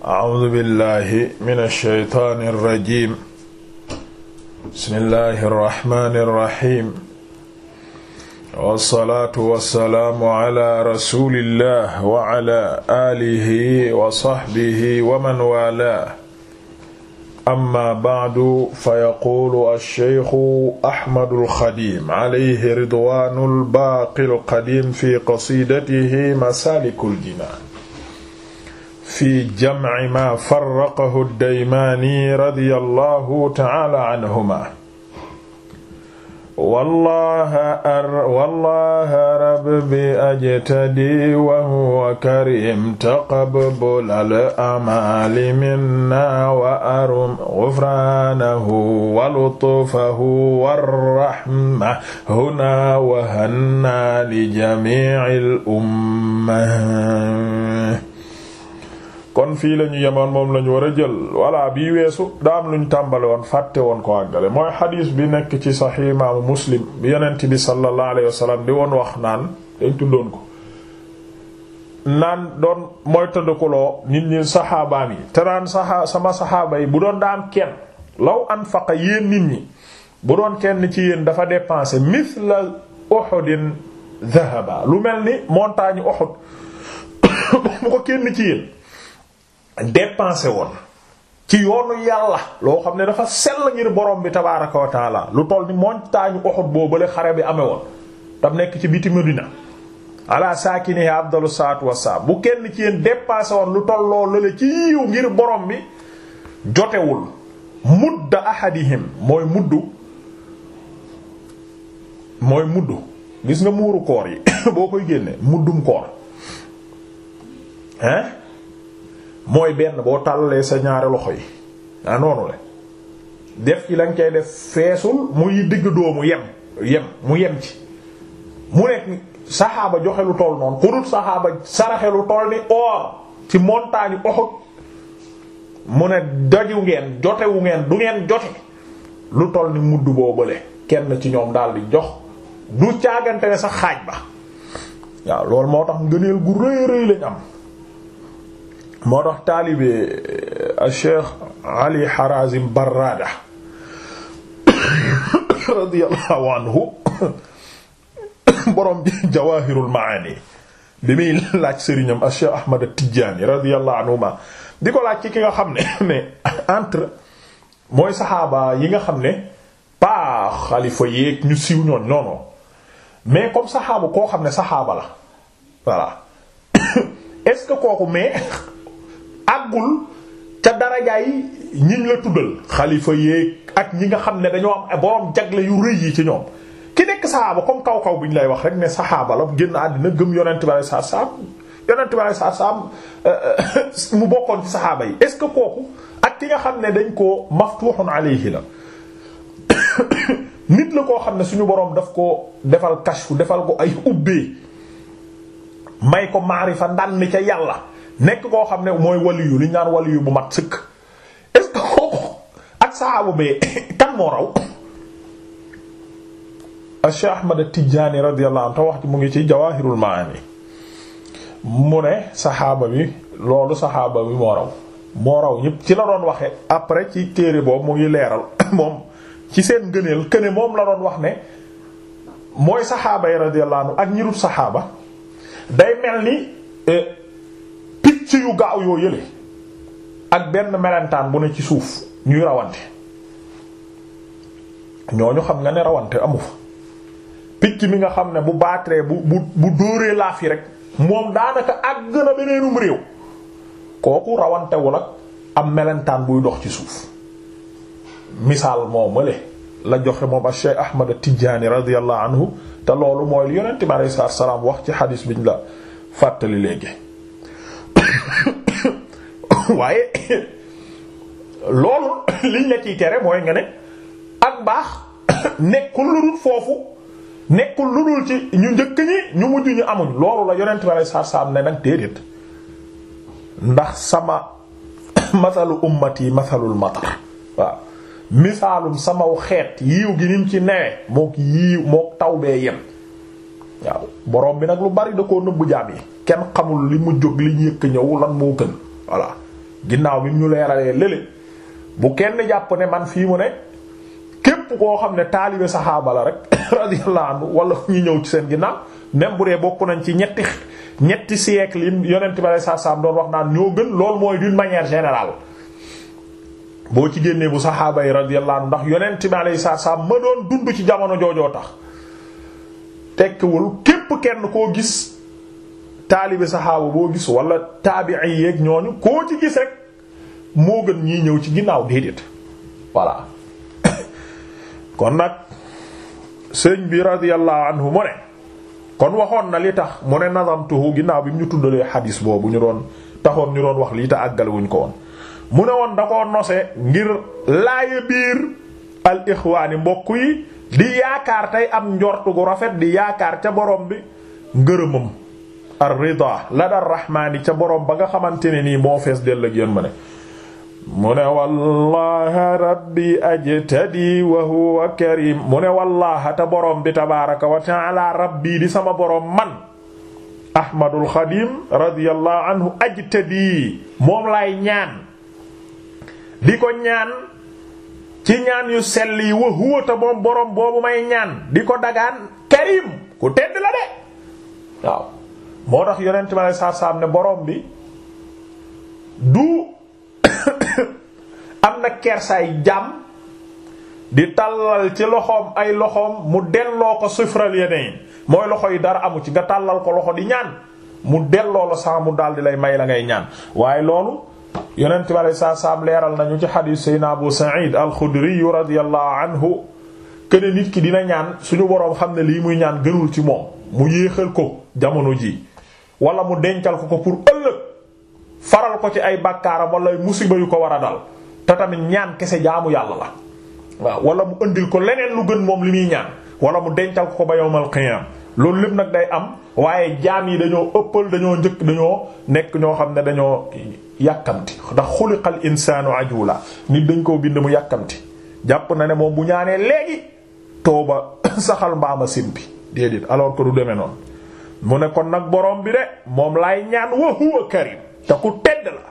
A'uuzu billaahi mina shaytaani rajiim. Bismillaahi rahmaani rahiim. Wassalaatu wassalaamu alaa rasuulillaah wa alaa aalihi wa sahbihi wa man waalaah. Amma ba'du fayaquulu ash-shaykhu Ahmadul Xadiim alayhi ridwaanul baaqil qadiim fi qasiidatihi Masaalikul Jinaan. fi jam'i ma farraqahu ad-Daymaani radiyallahu ta'ala anhuma wallaha rabbi ajtadi wa huwa karim taqabbal al-amali minna wa arum ghufranahu wa lutfahu wa rahma huna wa hanna li jami'il ummah kon fii la ñu yemoon moom lañu war a jël walla bii weesu daam lu ñu tàmbale woon fàtte woon ko àggale mooy xadiis bi nekk ci sa imaamu muslim bi yonent bi sallallahu alayhi di woon wax naan dañ naan doon mooy tëddakuloo nit ñi saxaabaam yi te naan saxaa saxaaba yi bu doon daam kenn law anfaqa yéen nit ñi bu doon kenn ci yéen dafa dépensé mithla uhudin dhahaba lu mel ni montagne Uhud bu ko kenn ci yéen dépensé woon ci yoonu yàlla loo xam ne dafa sell ngir borom bi tabaaraka wa lu toll ni montagne Uhud boo bële xare bi amee woon tam nekk ci biti Medina ala saakini afdalu salaatu wassalaam bu kenn ci yéen dépensé woon lu toll loolu la ci yiw ngir borom bi jotewul mudda ahadihim mooy muddu mooy muddu gis nga muuru koor yi boo koy génne muddum koor hein mooy benn boo tàllalee sa ñaari loxo yi ah noonu la def ci lañ koy def feesul muy digg doomu yem yem mu yem ci mu nekk saxaaba joxe lu toll noonu ku saxaaba saraxe lu toll ni or ci montagne Uhud mu ne daju ngeen jotewu ngeen du ngeen jote lu toll ni mudd boobale kenn ci ñoom daal di jox du caagante ne sax xaaj ba waaw loolu moo tax ngëneel gu rëy rëy lañ am moo tax taalibe euh, Cheikh Ali Harazim Barrada radiyallahu anhu borom Jawahirul Maani bi muy laaj sëriñam a Cheikh Ahmad Tidiane radiyallahu anhuma di ko laaj ci ki nga xam ne ne entre mooy saxaaba yi nga xam ne pas xalifa yeeg ñu siiw ñooñ non mais comme saxaaba koo xam ne saxaaba la voilà est kooku mais àggul ca darajaay ñiñ la tuddal xalifa yéeg ak ñi nga xam ne dañoo am borom jagle yu rëy yi ci ñoom ki nekk saxaaba comme kaw kaw bi ñu lay wax rek ne saxaaba la génn àddina gëm yonent bi saa saam yonent bi saa saam euh, mu bokkoon ci saxaaba yi est-ce que kooku ak ki nga xam ne dañ koo maftuhun alayhi la nit la koo xam ne suñu boroom daf ko defal kashfu defal ko ay ubbee may ko maarifa ndànn ca yàlla nekk koo xam ne mooy waliyu li ñu naan waliyu bu mat sëkk est-ce que kooku ak saxaabu bee kan moo raw Cheikh Ahmad Tijaani radiyallahu anhu te wax ci mu ngi ci Jawaahirul Maani mu ne saxaaba bi loolu saxaaba bi moo raw moo raw ñëpp ci la doon waxee après ci téere boobu mu ngi leeral moom ci seen ngëneel këne moom la doon wax ne mooy saxaaba yi radiyallahu anhu ak ñi saxaaba day mel ni. Eh, ci yu gaaw yoo yële ak benn melentaan bu ne ci suuf ñuy rawante ñooñu xam nga ne rawante amu fa picc mi nga xam ne bu baatre bu bu bu dóoree laaf rek moom daanaka àgg na beneenum réew kooku rawantewu ak am melentaan buy dox ci suuf misaal moo mële la joxe moom a Cheikh Ahmad Tidiane radiyallahu anhu te loolu mooy yonent bi alayhi salaam wax ci xadiis biñ la fàttali léegi waaye loolu liñ la ciy tere mooy nga ne ak baax nekkul lu dul foofu nekkul lu dul ci ñu njëkk ñi ñu mujj ñu amuñ loolu la yonent bi saa saa am ne nag déedéet ndax sama masalu ummati masalul matar waaw misaalum samaw xeet yiiw gi nim ci newe mook yiiw mook taw bee yem waaw borom bi nag lu bari da koo nëbbu jaam yi kenn xamul li mu jóg li yëkk ñëw lan moo gën voilà ginnaaw bi ñu leeralee lélé bu kenn jàpp ne man fii mu ne képp koo xam ne taalibe saxaaba la rek radiyallahu anhu wala ñu ñëw ci seen ginnaaw même bu dee bokk nañ ci ñetti ñetti siècle yi yonent ba saa saa doon wax naan ñoo gën loolu mooy d'une manière générale. boo ci génnee bu saxaaba yi radiyallahu anhu ndax yonent bi alayhi salaam ma doon dund ci jamono joojoo tax tekkiwul képp kenn koo gis taalibe saxaaba boo gis wala taabi'i yeeg ñooñu koo ci gis rek moo gën ñiy ñëw ci ginnaaw déedéet voilà kon nag sëñ bi radiyallahu anhu mu ne kon waxoon na li tax mu ne nazamtuhu ginnaaw bi mu ñu tuddalee xadiis boobu ñu doon taxoon ñu doon wax lii te àggalewuñ ko woon mu ne woon da koo nose ngir laaye biir al ixwaani mbokk yi di yaakaar tey am njort gu rafet di yaakaar ca borom bi ngërëmam ar-rida la dar rahmaani ca borom ba nga xamante nii moo fees dell ak yéen ma ne mu ne wallaha rabbi ajtadi wa huwa karim mu ne wallaha te borom bi tabaraka wa taala rabbi di sama borom man ahmadul xadim radiyallahu anhu ajtadi moom laay ñaan di ko ñaan ci ñaan yu sell wa huwa te moom boobu may ñaan di ko dagaan karim ku tedd la de waaw moo tax yonent ma lay saab ne boroom bi du am na kersaay jàmm di tàllal ci loxoom ay loxoom mu delloo ko sufral yeneen mooy loxo yi dara amu ci nga tàllal ko loxo di ñaan mu delloo la saa mu daal lay may la ngay ñaan waaye loolu yonent bi alei saatu salaam leeral nañu ci xadiis sayna abu sa'id al-xudri radiyallahu anhu kene nit ki dina ñaan suñu boroom xam ne lii muy ñaan gënul ci moom mu yéexal ko jamono jii wala mu dencal ko ko pour ëllëg faral ko ci ay bàkkaaram wala musiba yu ko war a dal te tamit ñaan kese jaamu yàlla la waaw wala mu ëndil ko leneen lu gën moom li muy ñaan wala mu dencal ko ko ba yawmal qiyaam loolu lépp nag day am waaye jaam yi dañoo ëppal dañoo njëkk dañoo nekk ñoo xam ne dañoo yàkkamti ndax xuliqal insaanu ajula nit dañ koo bind mu yàkkamti jàpp na ne moom bu ñaanee léegi tooba saxal mbaama simbi déedéet alors que du demee noonu mu ne kon nag borom bi de moom lay ñaan wa huwa karim te ku tedd la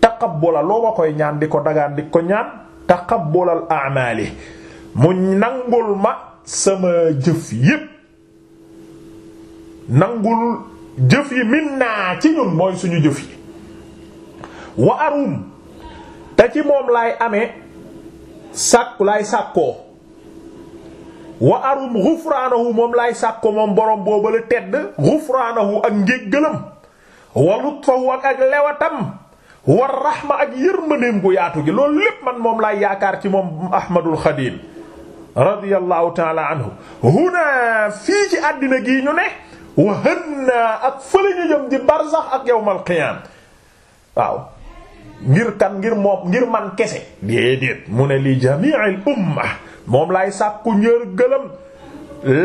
taqabbula loo ma koy ñaan di ko dagaan di ko ñaan taqabbulal a'mali mu nangul ma sama jëf yépp nangul jëf yi min naa ci ñun mooy suñu jëf yi wa te ci moom laay ame sàkku lay sàkkoo wa arum ghufraanahu moom lay sàkko moom borom booba la tedd ghufraanahu ak njéggalam wa lutfahu ak ak wa rahma ak yërmandeem gu yaatu gi loolu lépp man moom laay yaakaar ci moom Ahmadul Xadim radiyallahu taala anhu huna fii ci àddina gii ñu ne wa hën ak fële ñu di barzax ak yawmal qiyaam waaw ngir kan ngir moom ngir man kese déedéet mu ne li jami'il umma moom lay sàkku ñër gëlëm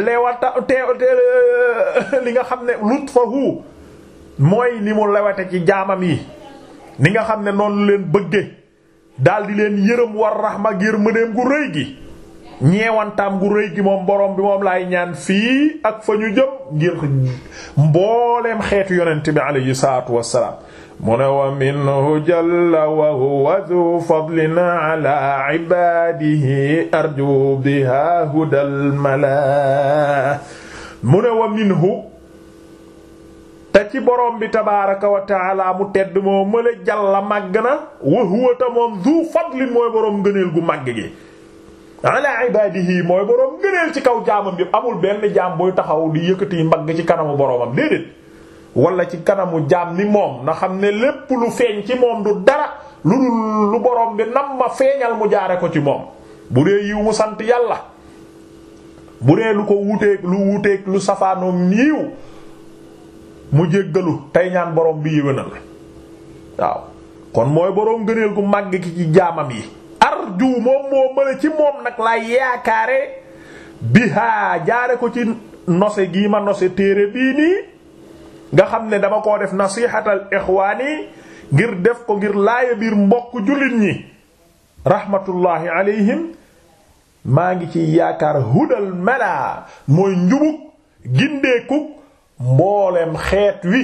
lewata te li nga xam ne lutfahu mooy ni mu lewate ci jaamam yi ni nga xam ne noonu leen bëgge daal leen yërëm war rahma ngir mëneem gu rëy gi ñeewantaam gu rëy gi moom borom bi moom lay ñaan fii ak fa ñu jëm ngir mbooleem xeetu yonent bi alayhi salaatu wassalaam mu ne wa minhu jalla wa huwa du fadlin ala ibaadihi arju mu ne wa minhu te ci borom bi tabaaraka wa taala mu tedd moo mële jalla màgg na wa huwa ta du fadlin mooy borom ngëneel gu màgg gi ala ibaadihi mooy borom ngëneel ci kaw jaamam yëpp amul benn jaam buy taxaw di yëkkati mbagg ci kanamu boromam déedéet wala ci kanamu jaam ni moom na xam ne lépp lu feeñ ci moom du dara lu dul lu borom bi nam ma feeñal mu jaare ko ci moom bu dee yiw mu sant yàlla bu dee lu ko wuteeg lu wuteeg lu safaanoom yiw mu jéggalu tey ñaan borom bi na waaw kon mooy boroom gëneel gu màgg ki ci jaamam yi arju moom moo mëne ci moom nag laa yaakaare bihaa jaare ko ci nose gi ma nose téere bii nii nga xam ne dama koo def nasihatal ixwaani ngir def ko ngir laaya biir mbokk jullit ñi rahmatullahi alayhim maa ngi ci yaakaar hudal mala mooy njubug gindeeku mbooleem xeet wi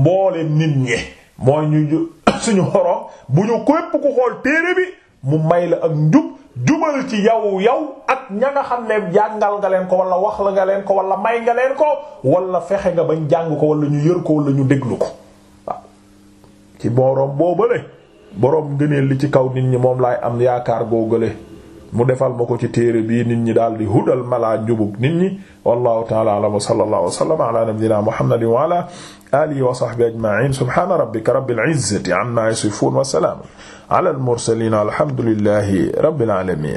mbooleem nit ñi mooy ñu suñu xorom bu ñu képp ku xool téere bi mu may la ak njub jubal ci yow yow ak ña nga xam ne jàngal nga leen ko wala wax la nga leen ko wala may nga leen ko wala fexe nga bañ jàng ko wala ñu yër ko wala ñu déglu ko waaw ci boroom boobale boroom gëneel li ci kaw nit ñi moom laay am yaakaar googale mu defal ma ko ci téere bii nit ñi daal di hudal malaa njubug nit ñi wallahu ta'ala a'lam wa sallallahu wa sallama ala nabiyyina muhammadin wa ala alihi wa sahbihi ajma'in subhana rabbika rabbil izzati amma yasifun wa salamun ala al mursalin alhamdulillahi rabbil alamin